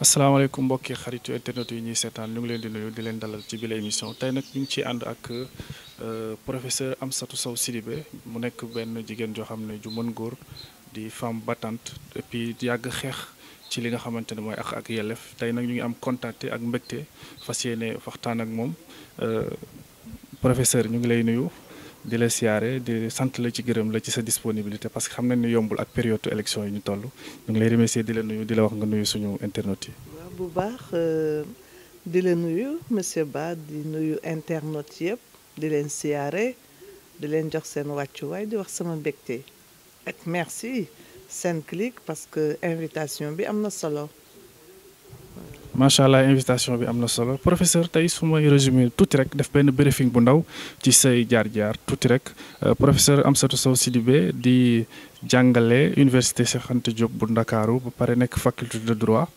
asalaamaaleykum mbokki xaritu internet yi ñuy seetaan ñu ngi leen di nuyu di leen dalal ci bile émission tey nag ñu ngi ciy ànd ak euh, professeur Amsatou Sow Sidibé mu nekk benn jigéen joo xam ne ju mën góor di femme battante et puis yàgg xeex ci li nga xamante ne mooy ak ak yelleef tey nag ñu ngi am contacté ak mbégte fas yéene waxtaan ak moom euh, professeur ñu ngi lay nuyu. di la siyaare di sant la ci gërëm la ci sa disponibilité parce que xam nañ ni yombul ak période élection yi ñu toll ñu ngi lay remercier di la nuyu di la wax nga nuyu suñu internautes yi. bu baax euh, di leen nuyu mosieur Ba di nuyu internautes yëpp di leen siyaare di leen jox seen wàccuwaay di wax sama mbégte ak merci Senclic parce que invitation bi am na solo. macha allah invitation bi am na solo professeur tey su may résumé tuuti rek def benn briefing bu ndaw ci say jaar-jaar tuuti rek euh, professeur Amsatou Sow Sidibé di jàngale université Cheikh Anta Diop bu Ndakaaru ba pare nekk faculté de droit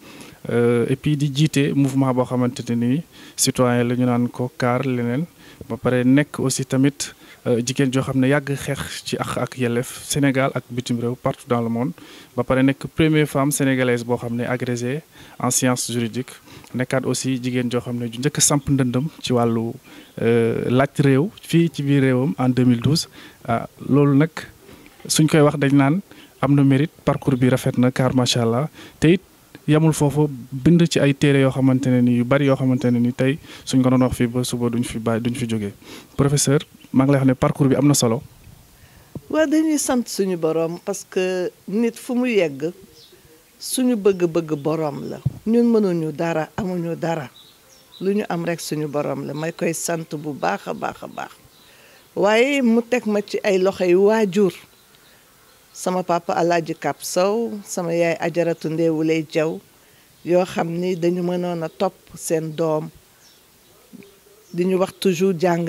euh, et puis di jiite mouvement boo xamante ni nii citoyen la ñu naan ko CAR leneen ba pare nekk aussi tamit. Euh, jigéen joo xam ne yàgg xeex ci ak ak yelleef Sénégal ak bitim réew partout dans le monde ba pare nekk premier femme sénégalaise boo xam ne agrégée en sciences juridiques nekkaat aussi jigéen joo xam ne ju njëkk samp ndëndam ci wàllu euh, laaj réew fii ci biir réewam en 2012 ah loolu nag suñ koy wax dañ naan am na mérite parcours bi rafet na car macha allah teyit it yamul foofu bind ci ay téere yoo xamante ne ni yu bari yoo xamante ne ni tey suñ ko doon wax fii ba suba duñ fi bàyyi duñ fi jógee professeur. maa ngi lay wax ne parcours bi am na solo. waaw dañuy sant suñu boroom parce que nit fu mu yegg suñu bëgg-bëgg borom la. ñun mënuñu dara amuñu dara lu ñu am rek suñu borom la may koy sant bu baax a baax a baax waaye mu teg ma ci ay loxo yu waajur sama papa Alaaji Kap Sow sama yaay ajaratu ndeewu lay jaw yoo xam ni dañu mënoon a topp seen doom di ñu wax toujours jàng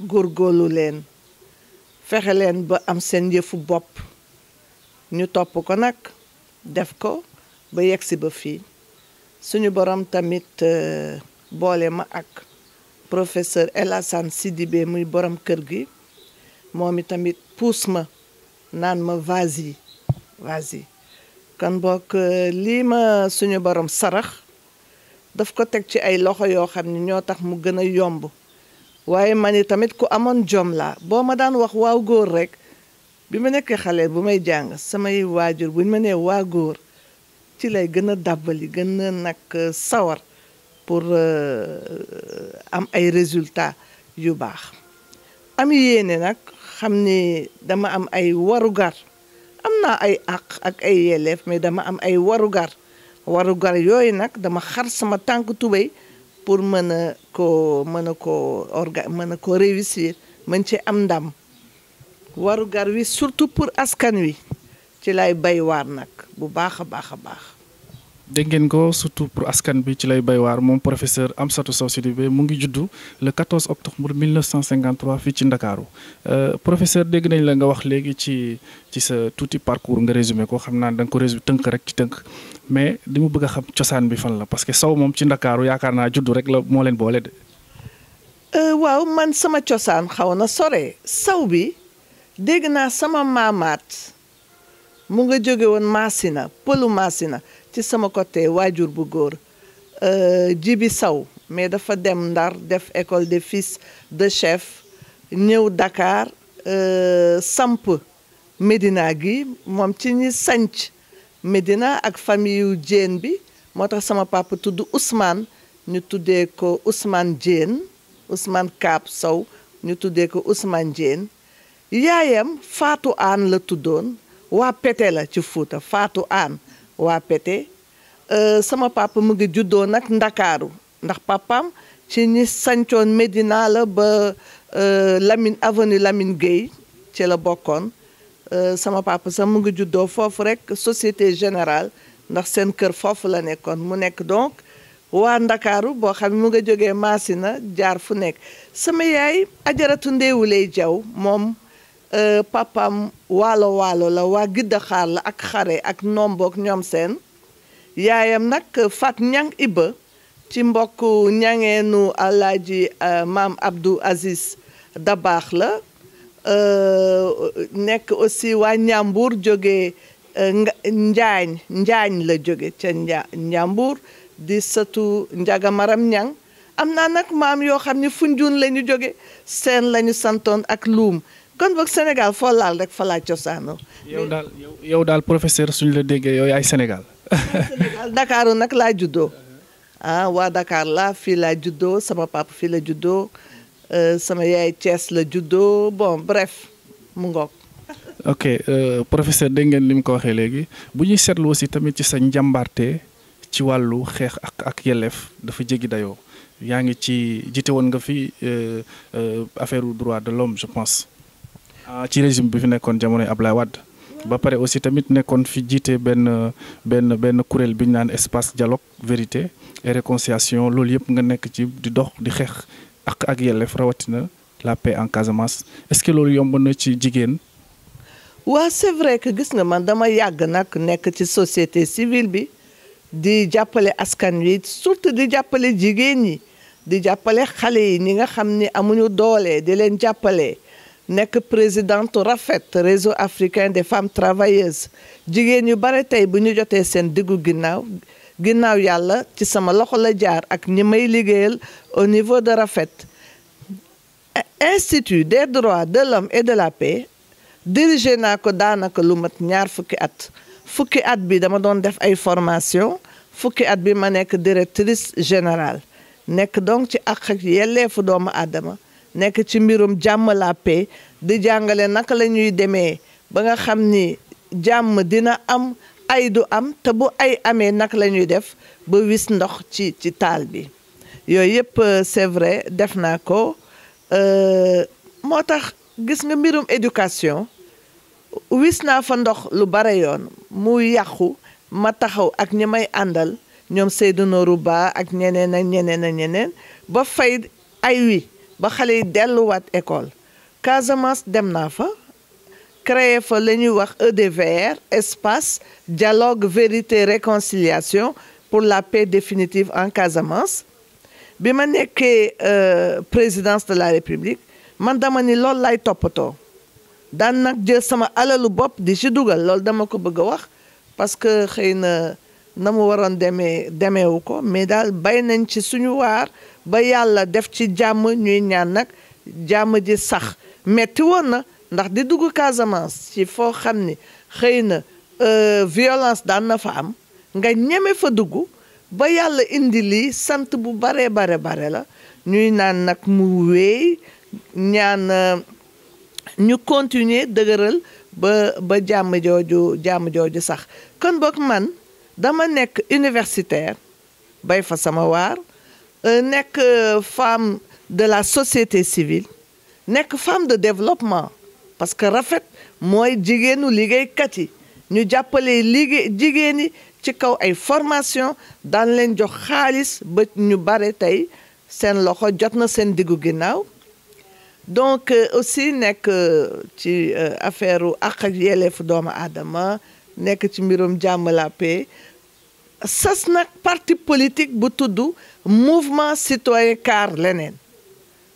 góorgóorlu leen fexe leen ba am seen yëfu bopp ñu topp ko nag def ko ba yegsi ba fii suñu borom tamit euh, boole ma ak professeur El sidibe muy borom kër gi moom i tamit puus ma naan ma vas-y vas-y kon bokk euh, lii ma suñu borom sarax daf ko teg ci ay loxo yoo xam ne ñoo tax mu gën a yomb waaye man tamit ku amoon jom laa boo ma daan wax waaw góor rek bi ma nekkee xale bu may jàng samay waajur buñ ma nee waa góor ci lay gën a dàbbali gën a nag euh, sawar pour euh, am ay résultats yu baax am yéene nag xam ni dama am ay warugar am naa ay àq ak ay yelleef mais dama am ay warugar warugar yooyu nag dama xar sama tànk tubéy pour mën a ko mën a ko orga mën a koo réussir mën ci am ndam warugar wi surtout pour askan wi ci lay bay nag bu baax a baax a baax. dégg ngeen ko surtout pour askan bi ci lay bay waar moom professeur Amsatou Sow Sidibé mu ngi juddu le 14 octobre 1953 fii ci Ndakaaru euh, professeur dégg nañ la nga wax léegi ci ci sa tuuti parcours nga résumé koo xam naa da nga ko résumé tënk rek ci tënk. mais di mu bëgg a xam cosaan bi fan la parce que saw moom ci ndakaaru yaakaar naa juddu rek la moo leen boole de. Euh, waaw man sama cosaan xaw na sore saw bi dégg naa sama maamaat mu nga jóge woon Masina pëlu Masina ci sama côté waajur bu góor euh, jibi saw mais dafa dem Ndar def école des fils de chef ñëw Dakar euh, samp Médina gi moom ci ñi sanc Medina ak famille Diène bi moo tax sama papa tudd Ousmane ñu tuddee ko Ousmane Diène Ousmane Kaap Sow ñu tuddee ko Ousmane Diène yaayam faatu Anne la tuddoon waa Pété la ci Fuuta Fatou Anne waa Pété euh, sama papa mu ngi juddoo nag Ndakaaru ndax papam ci ñi sancoon Medina la ba euh, Lamine avenue lamin Gueye ci la bokkoon Euh, sama papa sax mu ngi juddoo foofu rekk Société général ndax seen kër foofu la nekkoon mu nekk donc waa Ndakaaru boo xam ne mu nga jógee Maasina jaar fu nekk sama yaay ajaratu ndeewu lay jaw moom euh, papam waalo waalo la waa gidda xaar la ak xare ak nombook ñoom seen yaayam nag fat ñang ibba ci mbokk ñangeenu ji euh, maam Abdou Aziz Dabaax la Euh, nekk aussi waa Njàmbur jóge euh, Njaañ Njaañ la jóge ca Njàmbur di sëtu Njaga Maram Ñang am na nag maam yoo xam ne Funjuun la ñu jóge seen la santoon ak luum kon boog Sénégal foo laal rek fa laa cosaanoo. yow daal yow daal professeur suñu la déggee yow yaay Sénégal. Sénégal nag laa juddoo ah, waa Dakar laa fii laa juddoo sama papa fii la juddoo. sama yaay Thiès la juddoo bon bref mu ngoog. ok professeur э, dégg ngeen li mu ko waxee léegi bu ñuy seetlu aussi tamit ci sa njàmbaarte ci wàllu xeex ak ak yelleef dafa jéggi dayoo yaa ngi ci jiite woon nga fi euh, euh, affaire droit de l'homme je pense. Ah, ci régime bi fi nekkoon jamonoy Ablaye Wade ba pare aussi tamit nekkoon fi jiite benn benn benn kuréel bi ñu naan espace dialogue vérité et réconciliation loolu yëpp nga nekk ci di dox di xeex ak ak yelleef rawatina la paix en Casamance est-ce que loolu yomb na ci jigéen. waa c'est vrai que gis nga man dama yàgg nag nekk ci société civile bi di jàppale askan wi surtout di jàppale jigéen ñi di jàppale xale yi ñi nga xam ni amuñu doole di leen jàppale nekk présidente rafet réseau africain des femmes travailleuses jigéen yu bare tey bu ñu jotee seen diggu ginnaaw. ginnaaw yàlla ci sama loxo la jaar ak ñi may liggéeyal au niveau de Rafet institut des droits de l'homme et de la paix dirigé naa ko daanaka lu mat ñaar fukki at fukki at bi dama doon def ay formation fukki at bi ma nekk directrice générale nekk donc ci àq ak yelleefu doomu aadama nekk ci mbirum jàmm la paix di jàngale naka la ñuy demee ba nga xam ni jàmm dina am ay du am te bu ay amee nag lañuy def ba wis ndox ci ci taal bi yooyu yëpp euh, c'est vrai def naa ko euh, moo tax gis nga mbirum éducation wis naa fa ndox lu bare yoon mu yàqu ma taxaw ak ñi may àndal ñoom Seydou Nourou Ba ak ñeneen a ñeneen ak ñeneen ba fay ay wi ba xale yi delluwaat école Casamance dem naa fa créé fa la ñuy wax EDVR espace dialogue vérité réconciliation pour la paix définitive en Casamance bi ma nekkee euh, présidence de la République man dama ni loolu lay toppatoo daan nag jël sama alalu bopp di ci dugal loolu dama ko bëgg a wax parce que xëy na na mu waroon demee demeewu ko mais daal bay nañ ci suñu waar ba yàlla def ci jàmm ñuy ñaan nag jàmm ji sax metti woon na ndax di dugg Casamance ci foo xam ni xëy na euh, violence daan na fa am nga ñeme fa dugg ba yàlla indi lii sant bu bare bare bare la ñuy naan nag mu wéy ñaan euh, ñu continuer dëgëral ba ba jàmm jooju jàmm jooju sax kon boog man dama nekk universitaire bay fa sama waar euh, nekk femme de la société civile nekk femme de développement parce que rafet mooy jigéenu liggéeykat yi ñu jàppale liggéey jigéen yi ci kaw ay formation daan leen jox xaalis ba ñu bare tey seen loxo jot na seen diggu ginnaaw donc euh, aussi nekk euh, ci euh, affaire u àq ak doomu aadama nekk ci mbirum jàmm la sas nag parti politique bu tudd mouvement citoyen car leneen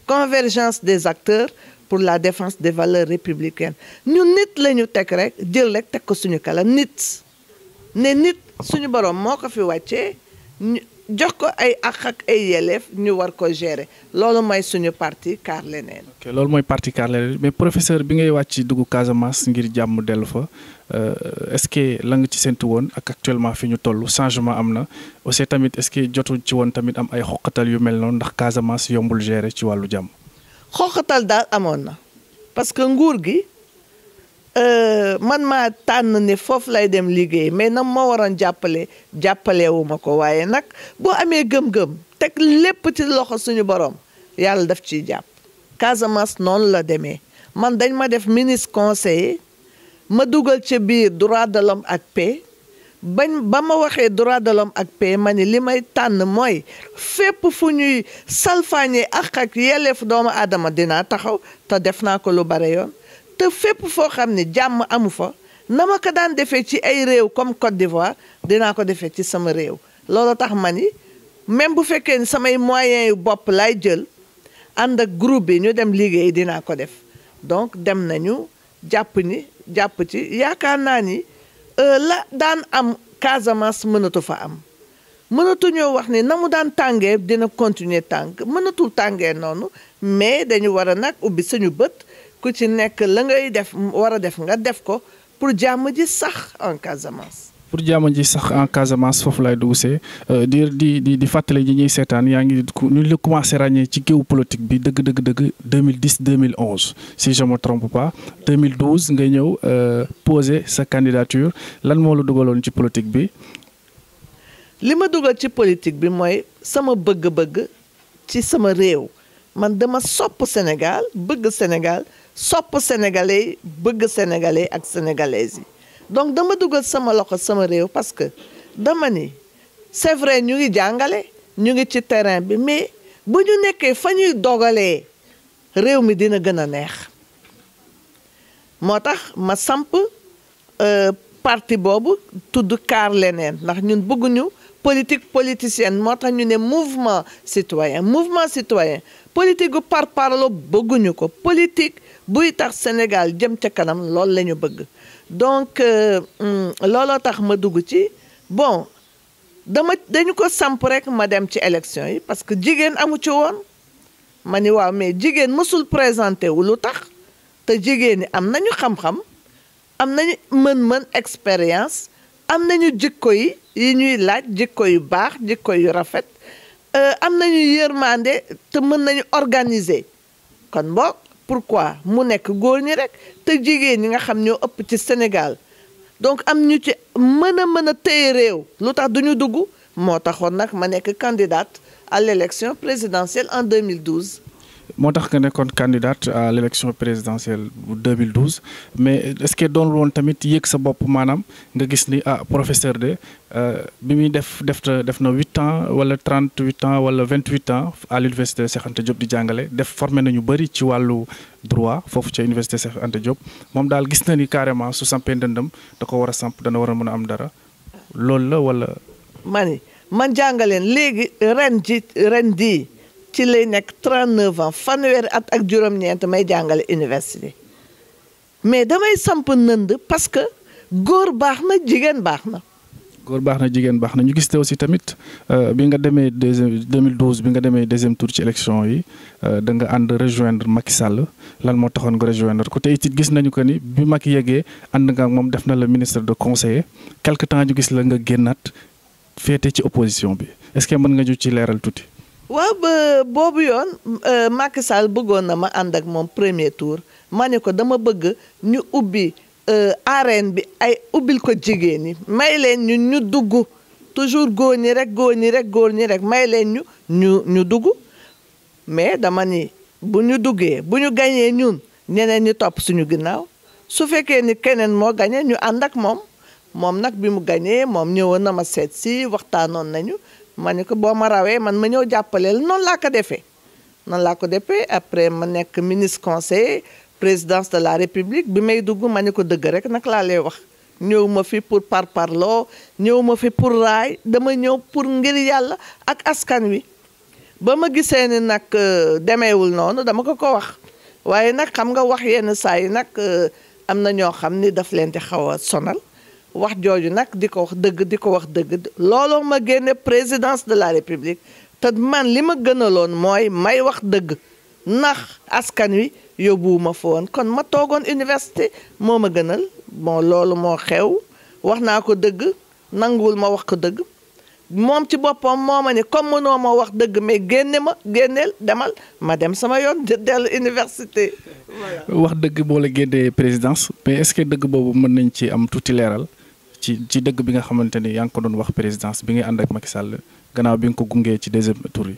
convergence des acteurs pour la défence des valeurs républicain ñu nit la ñu teg rek jël rek teg ko suñu kala nit ne nit suñu borom moo ko fi wàccee ñu jox ko ay àq ak ay yelleef ñu war ko gérer loolu mooy suñu parti Kaar Leneen. ok loolu mooy parti Kaar Leneen mais professeur bi ngay wàcc dugg Casamance ngir jàmm dellu fa euh, est-ce que la nga ci séntu woon ak actuellement fi ñu toll changement am na aussi tamit est-ce jotu ci woon tamit am ay xoqatal yu mel noonu ndax Casamance yombul gérer ci wàllu jàmm. xoxatal daal amoon na parce que nguur gi euh, man maa tànn ne foofu lay dem liggéey mais na ma waroon jàppale jàppalewuma ko waaye nag boo amee gëm-gëm teg lépp ci loxo suñu borom yàlla daf ciy jàpp Casamance noonu la demee man dañ ma def ministre conseiller ma dugal ca biir droit de l'homme ak paix bañ ba ma waxee droit de l'homme ak paix ma ni li may tànn mooy fépp fu ñuy salfaañee ak ak yelleef doomu aadama dinaa taxaw te def naa ko lu bare yoon te fépp foo xam ne jàmm amu fa na ma ko daan defee ci ay réew comme Côte d'Ivoire dinaa ko defee ci sama réew loolu tax ma ni même bu fekkee ni samay moyens yu bopp laay jël ànd ak groupe bi ñu dem liggéey dinaa ko def donc dem nañu jàpp ni jàpp ci yaakaar naa ni la daan am Casamance mënatu fa am mënatu ñoo wax ni na mu daan tàngee dina continuer tàng mënatul tàngee noonu mais dañu war a nag ubbi suñu bët ku ci nekk la ngay def war a def nga def ko pour jàmm ji sax en Casamance. pour jamono ji sax en Casamance foofu laay dugusee euh, di di di di fàttali ñi ñuy seetaan yaa ngi ñu la commencé ràññee ci géew politique bi dëgg dëgg dëgg 2010 2011 si je me trompe pas 2012 nga ñëw euh, poser sa candidature lan moo la dugaloon ci politique bi. li ma dugal ci politique bi mooy sama bëgg-bëgg ci sama réew man dama sopp Sénégal bëgg Sénégal sopp sénégalais bëgg sénégalais ak sénégalaises yi. donc dama dugal sama loxo sama réew parce que dama ni c'est vrai ñu ngi jàngale ñu ngi ci terrain bi mais bu ñu nekkee fa ñuy dogalee réew mi dina gën a neex moo tax ma samp euh, parti boobu tudd kaar leneen ndax ñun bëgguñu politique politicienne moo tax ñu ne mouvement citoyen mouvement citoyen politique gu par parlo bëgguñu ko politique buy tax Sénégal jëm ca kanam loolu la ñu bëgg donc euh, hmm, looloo tax ma dugg ci bon dama dañu ko samp rek ma dem ci élection yi parce que jigéen amu ci woon ma ni waaw mais jigéen mësul présenté wu lu tax te jigéen ñi am nañu xam-xam am nañu mën-mën expérience am nañu jikko yi yi ñuy laaj jikko yu baax jikko yu rafet euh, am nañu yërmande te mën nañu organiser kon boog pourquoi mu nekk góor ñi rek te jigéen ñi nga xam ñoo ëpp ci Sénégal donc am ñu ci mën a mën a téye réew lu tax du ñu dugg moo taxoon nag ma nekk candidate à l' élection présidentielle en 2012. moo tax nga nekkoon candidate à l' élection présidentielle bu 2012 mais est ce que tamit yéeg sa bopp maanaam nga gis ni a ah, professeur de euh, bi muy def def def na huit ans wala trente huit ans wala vingt huit ans à l' université Cheikh di jàngale def formé ñu bëri ci wàllu droit foofu ca université Cheikh Anta Diop moom daal gis na ni carrément su sampee ndëndam da ko war a samp dana war a mën a am dara lool la wala. ma man jàngaleen léegi ren ji ren di ci lay nekk 39 ans fanweeri at ak juróom-ñeent may jàngale université mais damay samp nënd parce que góor baax na jigéen baax na. góor baax na jigéen baax na ñu gis te aussi tamit euh, bi nga demee deuxième 2012 bi nga demee deuxième tour ci élection yi euh, da nga ànd rejoindre Macky sàll lan moo taxoon nga rejoindre ko te it gis nañu que ni bi Macky yeggee ànd nga ak moom def na la ministre de conseil quelque temps ñu gis la nga génnaat féete ci opposition bi est-ce que mën nga ñu ci leeral tuuti. waaw ba boobu yoon euh, Macky Sall bëggoon na ma ànd ak moom premier tour ma ne ko dama bëgg ñu ubbi euh, arène bi ay ubbil ko jigéen ñi may leen ñu ñu dugg toujours góor ñi rek góor ñi rek góor rek may leen ñu ñu ñu dugg mais dama ni bu ñu duggee bu ñu gañee ñun ñeneen ñi topp suñu ginnaaw su fekkee ni keneen moo gañee ñu ànd ak moom moom nag bi mu gañee moom ñëwoon na ma seet si waxtaanoon nañu ma ne ko boo ma rawee man ma ñëw jàppaleel noonu laa ko defee noonu laa ko defee après ma nekk ministre conseiller présidence de la république bi may dugg ma ne ko dëgg rek nag laa lay wax ñëw ma fi pour par parparloo ñëw ma fi pour raay dama ñëw pour ngir yàlla ak askan wi ba ma gisee ni nag euh, demeewul noonu dama ko ko wax waaye nag xam nga wax yenn saa yi nag euh, am na ñoo xam ni daf leen di xaw a sonal wax jooju nag di ko wax dëgg di ko wax dëgg looloo ma génne présidence de la république te man li ma gënaloon mooy may wax dëgg ndax askan wi yóbbuwuma fa woon kon ma toogoon université moom ma gënal moo loolu moo xew wax naa ko dëgg nanguwul ma wax ko dëgg moom ci boppam moo ma ni comme mënoo ma wax dëgg mais génne ma génneel demal ma dem sama yoon dellu université. wax dëgg boo la génnee présidence mais est dëgg boobu mën nañ ci am tuuti leeral. ci ci dëgg bi nga xamante ni yaa ngi ko doon wax présidence bi nga ànd ak Macky Sall gannaaw bi nga ko gungee ci deuxième tour yi.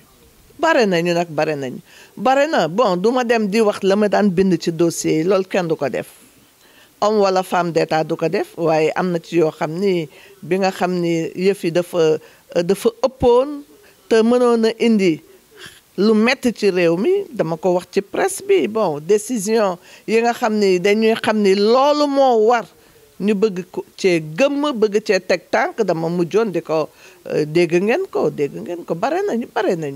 bare nañu nag bare nañu bare na bon duma dem di wax la ma daan bind ci dossier yi loolu kenn du ko def homme wala femme d'état du ko def waaye am na ci yoo xam ni bi nga xam ni yëf yi dafa dafa ëppoon te mënoon a indi. lu metti ci réew mi dama ko wax ci presse bi bon décision yi nga xam ni dañuy xam ni loolu moo war ñu bëgg cee gëmm bëgg cee teg tànk dama mujjoon di ko euh, dégg ngeen ko dégg ngeen ko bare na nañu bare nañu